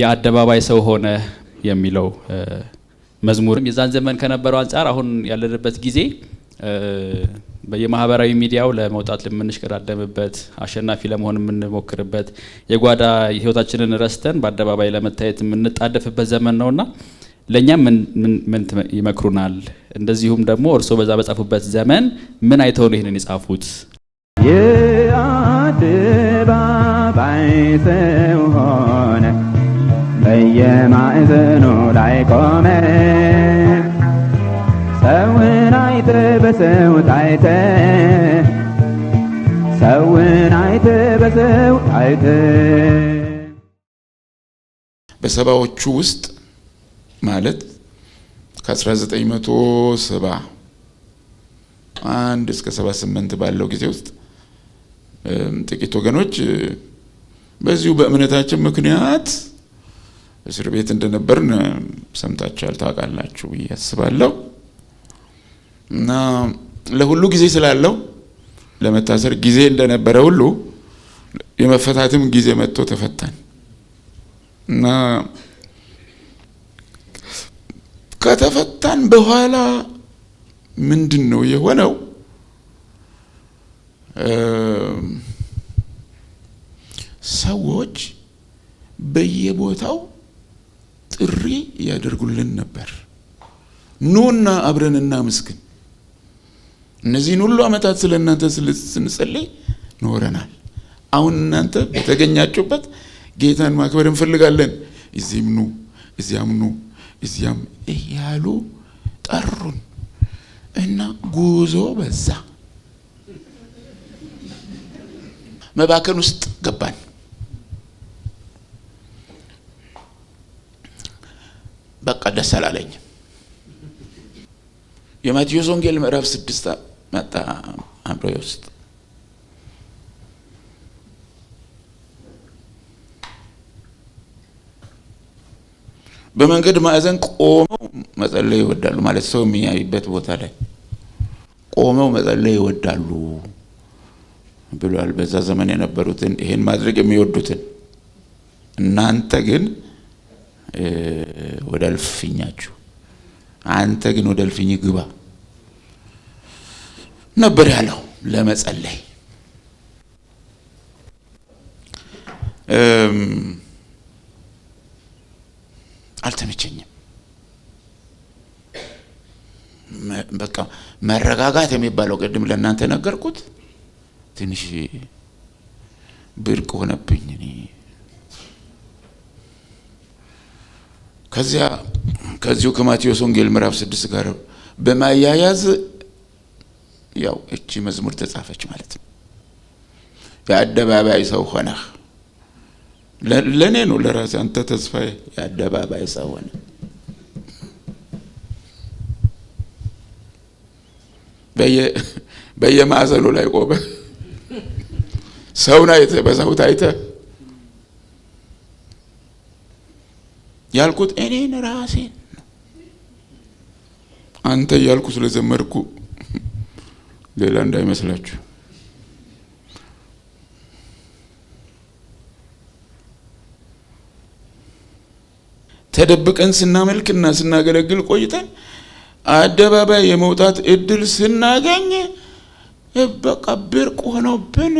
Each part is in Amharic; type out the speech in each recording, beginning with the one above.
የአደባባይ ሰው ሆነ የሚለው መዝሙርም የዛን ዘመን ከነበረው አንጻር አሁን ያለንበት ጊዜ የማህበራዊ ሚዲያው ለመውጣት የምንሽቀዳደምበት አሸናፊ ለመሆን የምንሞክርበት የጓዳ ህይወታችንን ረስተን በአደባባይ ለመታየት የምንጣደፍበት ዘመን ነውና ለእኛም ምን ይመክሩናል? እንደዚሁም ደግሞ እርስዎ በዛ በጻፉበት ዘመን ምን አይተው ነው ይህንን የጻፉት? የአደባባይ ሰው በየማዕዘኑ ላይ ቆመ ሰውን አይተ በሰው ታይተ ሰውን አይተ በሰው ታይተ በሰባዎቹ ውስጥ ማለት ከ1970 አንድ እስከ 78 ባለው ጊዜ ውስጥ ጥቂት ወገኖች በዚሁ በእምነታችን ምክንያት እስር ቤት እንደነበርን ሰምታችኋል፣ ታውቃላችሁ ብዬ አስባለሁ። እና ለሁሉ ጊዜ ስላለው ለመታሰር ጊዜ እንደነበረ ሁሉ የመፈታትም ጊዜ መጥቶ ተፈታን እና ከተፈታን በኋላ ምንድን ነው የሆነው? ሰዎች በየቦታው ጥሪ ያደርጉልን ነበር። ኑና አብረን እናመስግን። እነዚህን ሁሉ ዓመታት ስለ እናንተ ስንጸልይ ኖረናል። አሁን እናንተ በተገኛችሁበት ጌታን ማክበር እንፈልጋለን። እዚህም ኑ፣ እዚያም ኑ፣ እዚያም እያሉ ጠሩን እና ጉዞ በዛ መባከን ውስጥ ገባን። በቃ ደስ አላለኝ። የማቴዎስ ወንጌል ምዕራፍ ስድስት መጣ አምሮ ውስጥ በመንገድ ማዕዘን ቆመው መጸለይ ይወዳሉ። ማለት ሰው የሚያይበት ቦታ ላይ ቆመው መጸለይ ይወዳሉ ብሏል። በዛ ዘመን የነበሩትን ይህን ማድረግ የሚወዱትን እናንተ ግን ወደ እልፍኛችሁ አንተ ግን ወደ እልፍኝ ግባ ነበር ያለው ለመጸለይ አልተመቸኝም። በቃ መረጋጋት የሚባለው ቅድም ለእናንተ ነገርኩት። ትንሽ ብርቅ ሆነብኝ እኔ ከዚያ ከዚሁ ከማቴዎስ ወንጌል ምዕራፍ ስድስት ጋር በማያያዝ ያው እቺ መዝሙር ተጻፈች ማለት ነው። የአደባባይ ሰው ሆነህ ለእኔ ነው ለራሴ አንተ ተስፋዬ የአደባባይ ሰው ሆነ። በየማዕዘኑ ላይ ቆመ ሰውን አይተ በሰው ያልኩት እኔን ራሴን አንተ እያልኩ ስለዘመርኩ ሌላ እንዳይመስላችሁ። ተደብቀን ስናመልክና ስናገለግል ቆይተን አደባባይ የመውጣት እድል ስናገኝ በቃ ብርቅ ሆኖብን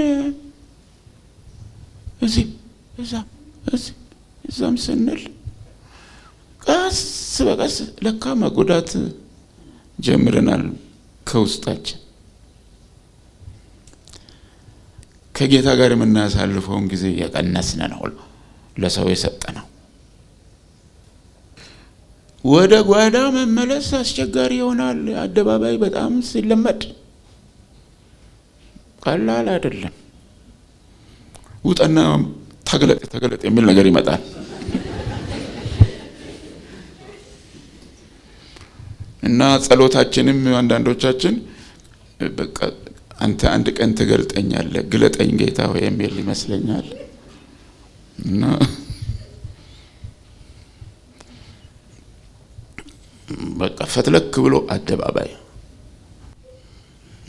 እዚህ እዛም እዚህ እዛም ስንል ቀስ በቀስ ለካ መጎዳት ጀምረናል። ከውስጣችን ከጌታ ጋር የምናሳልፈውን ጊዜ የቀነስን ነው ለሰው ነው። ወደ ጓዳ መመለስ አስቸጋሪ ይሆናል። አደባባይ በጣም ሲለመድ ቀላል አይደለም። ውጠና ተገለጥ ተገለጥ የሚል ነገር ይመጣል። እና ጸሎታችንም አንዳንዶቻችን በቃ አንተ አንድ ቀን ትገልጠኛለህ ግለጠኝ ጌታ ሆይ የሚል ይመስለኛል እና በቃ ፈትለክ ብሎ አደባባይ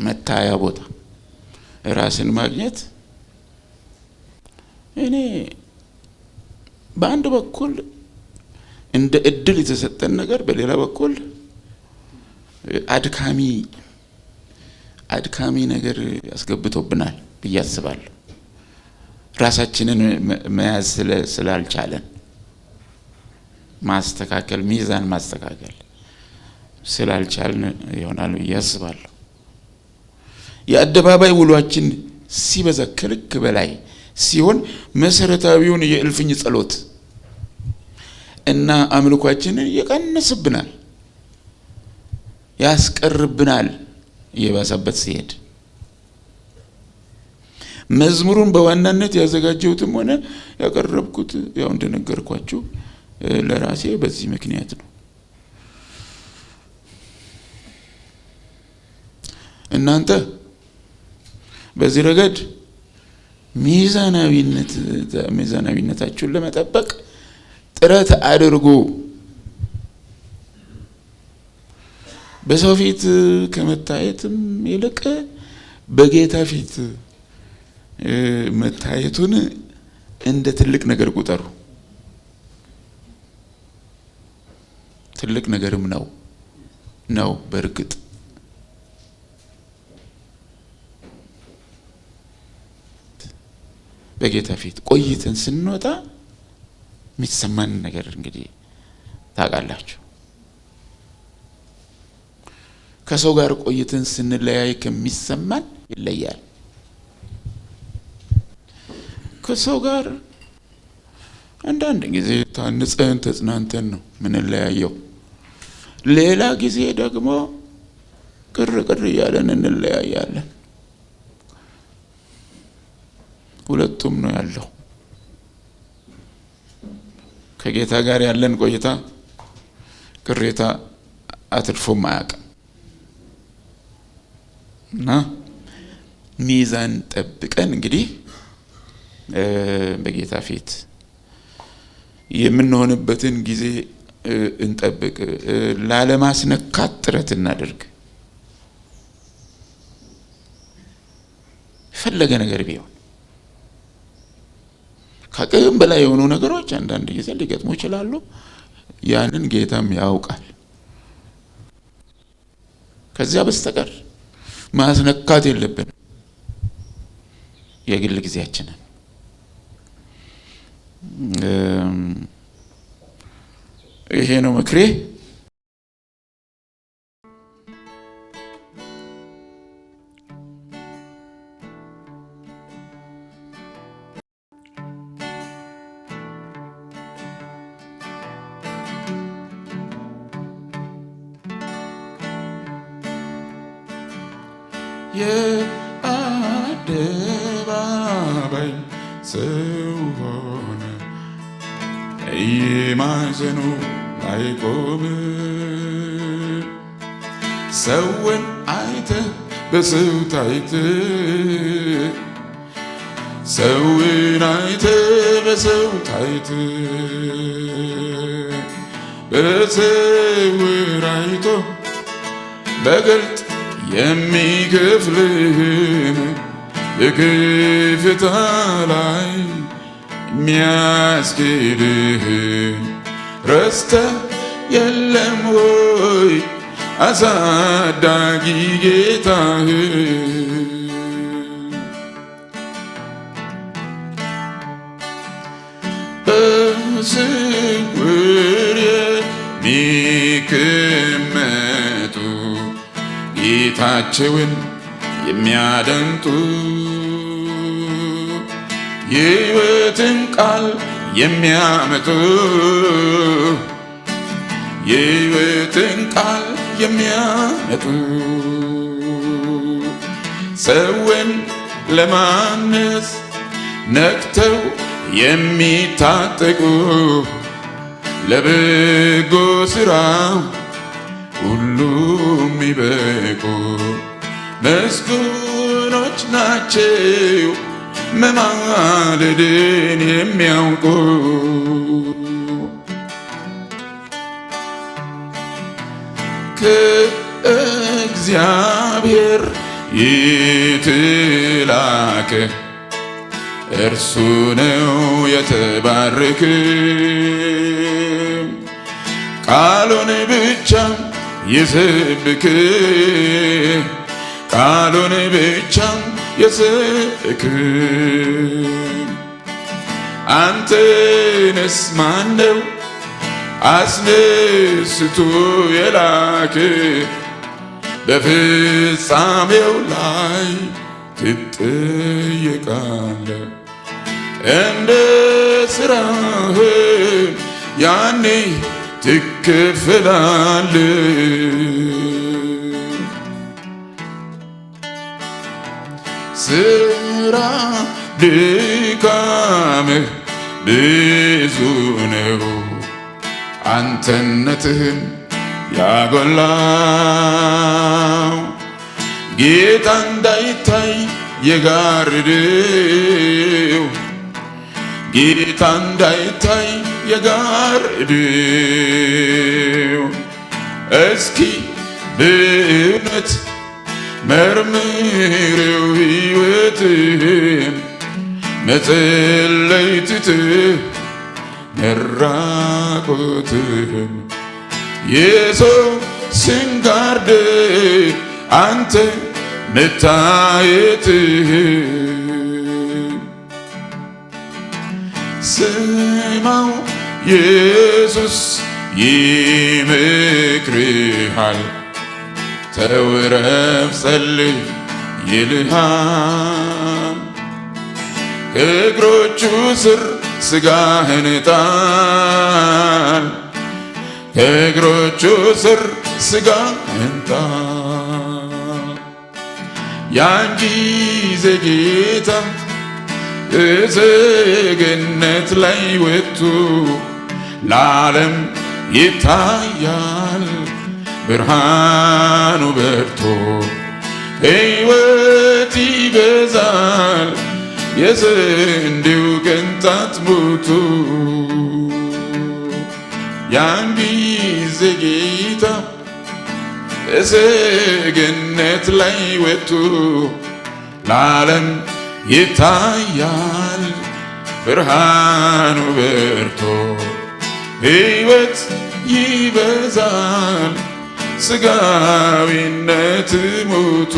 መታያ ቦታ ራስን ማግኘት እኔ በአንድ በኩል እንደ እድል የተሰጠን ነገር በሌላ በኩል አድካሚ አድካሚ ነገር ያስገብቶብናል ብዬ አስባለሁ። ራሳችንን መያዝ ስላልቻለን ማስተካከል፣ ሚዛን ማስተካከል ስላልቻልን ይሆናል ብዬ አስባለሁ። የአደባባይ ውሏችን ሲበዛ ከልክ በላይ ሲሆን መሰረታዊውን የእልፍኝ ጸሎት እና አምልኳችንን ይቀንስብናል። ያስቀርብናል እየባሰበት ሲሄድ መዝሙሩን በዋናነት ያዘጋጀሁትም ሆነ ያቀረብኩት ያው እንደነገርኳችሁ ለራሴ በዚህ ምክንያት ነው። እናንተ በዚህ ረገድ ሚዛናዊነት ሚዛናዊነታችሁን ለመጠበቅ ጥረት አድርጉ። በሰው ፊት ከመታየትም ይልቅ በጌታ ፊት መታየቱን እንደ ትልቅ ነገር ቁጠሩ። ትልቅ ነገርም ነው ነው በእርግጥ በጌታ ፊት ቆይተን ስንወጣ የሚሰማን ነገር እንግዲህ ታውቃላችሁ። ከሰው ጋር ቆይትን ስንለያይ ከሚሰማን ይለያል። ከሰው ጋር አንዳንድ ጊዜ ታንጸን ተጽናንተን ነው ምንለያየው። ሌላ ጊዜ ደግሞ ቅር ቅር እያለን እንለያያለን። ሁለቱም ነው ያለው። ከጌታ ጋር ያለን ቆይታ ቅሬታ አትርፎም አያውቅም። እና ሚዛን ጠብቀን እንግዲህ በጌታ ፊት የምንሆንበትን ጊዜ እንጠብቅ። ላለማስነካት ጥረት እናደርግ። የፈለገ ነገር ቢሆን ከቅም በላይ የሆኑ ነገሮች አንዳንድ ጊዜ ሊገጥሙ ይችላሉ። ያንን ጌታም ያውቃል። ከዚያ በስተቀር ማስነካት የለብንም። የግል ጊዜያችንን ይሄ ነው ምክሬ። የአደባባይ ሰው ሆነ። የማዕዘኑ አይቆም ሰውን አይተ በሰው ታይተ ሰውን አይተ በሰው ታይተ በሰው አይቶ በገልጥ የሚከፍልህን የከፍታ ላይ የሚያስኬድህን ረስተ የለም ወይ አሳዳጊ ጌታህ ሥራቸውን የሚያደንቁ የሕይወትን ቃል የሚያመጡ የሕይወትን ቃል የሚያመጡ ሰውን ለማነስ ነቅተው የሚታጠቁ ለበጎ ሥራ ሁሉም የሚበቁ መስጉኖች ናቸው መማልድን የሚያውቁ ከእግዚአብሔር ይትላከ እርሱ ነው የተባረክም ቃሉን ብቻ ይስብክ ቃሉን ብቻ ይስብክ አንተንስ ማነው አስነስቶ የላክ በፍጻሜው ላይ ትጠየቃለ እንደ ስራህ ያኔ ትከፈላል። ስራ ድካምህ ብዙ ነው፣ አንተነትህም ያጎላው ጌታ እንዳይታይ የጋርድው ጌታ እንዳይታይ የጋረደው እስኪ በእውነት መርምሬው ሕይወትን መጸለይ ትተህ መራቆትህን የሰው ስንጋርደ አንተ መታየትህን ስማው ኢየሱስ ይምክርሃል ተውረፍ ጸልይ ይልሃል ከእግሮቹ ስር ስጋህን ጣል ከእግሮቹ ስር ስጋህን ጣል ያን ጊዜ ጌታ እዝግነት ላይ ወጥቶ ለዓለም ይታያል ብርሃኑ በርቶ ሕይወት ይበዛል የስንዴው ቅንጣት ሞልቶ ያን ጊዜ ጌታ እዝግነት ላይ ወጥቶ ለዓለም ይታያል ብርሃኑ በርቶ ሕይወት ይበዛል ስጋዊነት ሙቱ